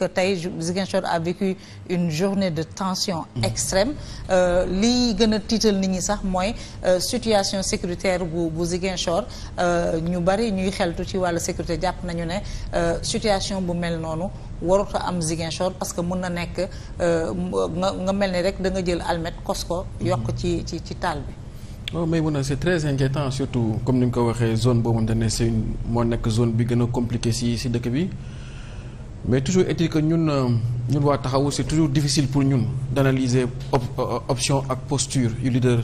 que tey Ziguinchor a une journée de tension extrême euh, lii gën a tiital nit ñi sax mooy euh, situation sécuritaire bu bu Ziguinchor euh, ñu bari ñuy xeltu ci wàllu sécurité jàpp nañu ne situation bu mel noonu warut am Ziguinchor parce que mun na nekk nga nga mel ni rek da jël almet kos ko yokk ci ci ci taal bi waaw oh, mais mun na c'est très inquiétant surtout comme ni nga ko waxee zone boobu ne c'est une moo nekk zone bi gën a compliqué si si dëkk bi mais toujours est-il que ñun euh, ñun waa taxawu c'est toujours difficile pour ñun d'analyser op euh, euh, option ak posture yu leader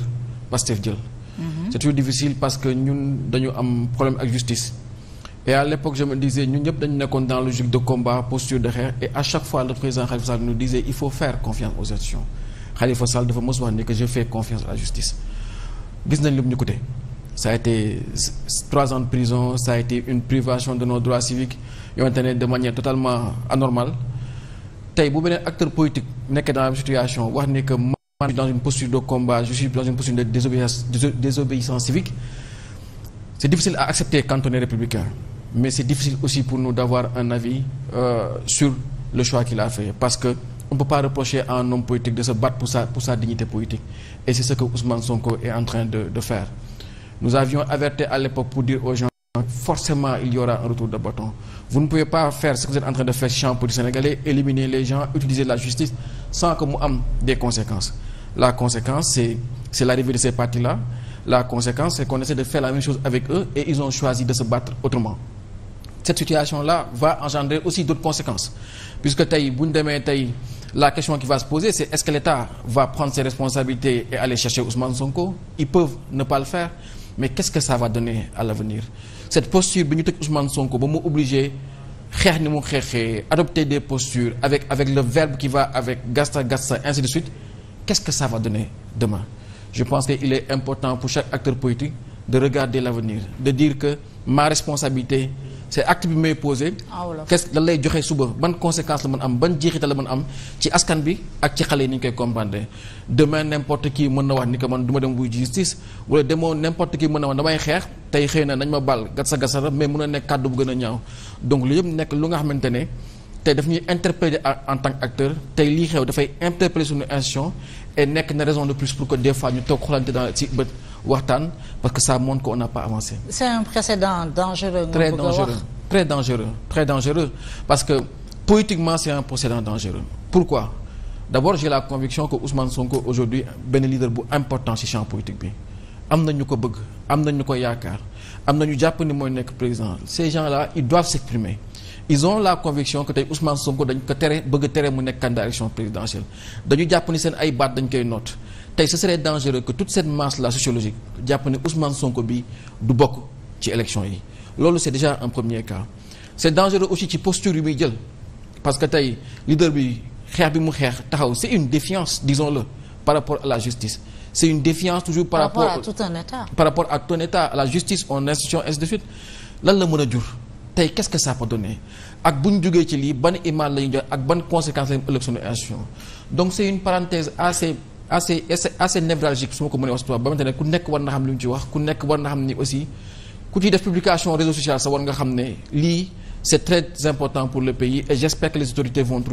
Pastef jël. Mhm. c'est toujours difficile parce que ñun dañu am problème ak justice. et à l'époque je me disais ñun ñëpp dañu nekkoon dans logique de combat posture de xeex et à chaque fois le président Khalifa Sall nous disait il faut faire confiance aux institutions Khalifa Sall dafa mos wax je fais confiance à justice. gis nañ li mu ñu coûté ça a été trois ans de prison ça a été yoo xamante ne de manière totalement anormale tey bu beneen acteur politique nekkee dans la situation wax ni que man dans une posture de combat je suis dans une posture de désobéissance civique c'est difficile à accepter quand on est républicain mais c'est difficile aussi pour nous d'avoir un avis euh, sur le choix qu'il a fait parce que on ne peut pas reprocher à un homme politique de se battre pour sa dignité politique et c'est ce que Ousmane Sonko est en train de de forcément il y aura un retour de bâton vous ne pouvez pas faire ce que vous êtes en train de faire champ politique sénégalais éliminer les gens utiliser la justice sans que mu am des conséquences la conséquence c'est c'est l'arrivée de ces partis là la conséquence c'est qu'on essaie de faire la même chose avec eux et ils ont choisi de se battre autrement cette situation là va engendrer aussi d'autres conséquences puisque tey bu ñu demee tey la question qui va se poser c'est mais qu'est-ce que ça va donner à l'avenir cette posture bi ñu tëj Ousmane Sonko ba mu obligé xeex ni mu xeexee adopter des postures avec avec le verbe qui va avec gasta gasta ainsi de suite qu'est-ce que ça va donner demain je pense que il est important pour chaque acteur politique de regarder l'avenir de dire que ma responsabilité te acte bi may posé. Ah, qu'est-ce lan lay joxe suba ban conséquence la mën am ban jeexital la mën am ci askan bi ak ci xale yi ni ñu koy comprendre demain n'importe kii mën na wax ni que man du ma dem buy justice wala demoo n'importe qui mën na wax damay xeex tey xëy na nañ ma baal gatsa gatsa la mais mën a nekk kàddu bu gën a ñaw donc lu yëpp nekk lu nga xamante ne tey daf ñuy interpeller en tant qu'acteur tey lii xew dafay interpeller suñu institution et nekk na raison de plus pour que des fois ñu toog xoolante dans bët. waxtaan parce que ça montre ko n'a pas avancé. c'est un précédent dangereux. très dangereux très dangereux très dangereux parce que politiquement c'est un précédent dangereux. pourquoi d'abord j'ai la conviction que Ousmane Sonko aujourd'hui benn leader bu important ci champ politique bi am na ñu ko bëgg am na ñu ko yaakaar am na ñu jàpp ni mooy nekk président ces gens-là ils doivent s'exprimer ils ont la conviction que tey Ousmane Sonko dañ ko tere bëgg tere mu nekk candidat élection dañu jàpp ni seen ay baat dañ koy noot. tey ce serait dangereux que toute cette masse là sociologique jàpp ne Ousmane Sonko bi du bokk ci élection yi loolu c'est déjà un premier cas c'est dangereux aussi ci posture yu muy jël parce que tey leader bi xeex bi mu xeex taxaw c'est une défiance disons-le par rapport à la justice c'est une défiance toujours par, par rapport, rapport à tout un état par rapport à tout un à la justice en institution ainsi de suite lan la mën a jur tey quest que ça peut donner ak bu ñu jógee ci lii ban image la ñu jox ak ban conséquence lañu ëllëg sunu assez assez névralgique su ma ko mënee wax tubaab ba mante ne ku nekk war na xam li mu ci wax ku nekk war na xam ni aussi ku ciy def publication réseau social sax war nga xam ne lii c'est très important pour le pays et j'espère les autorités vont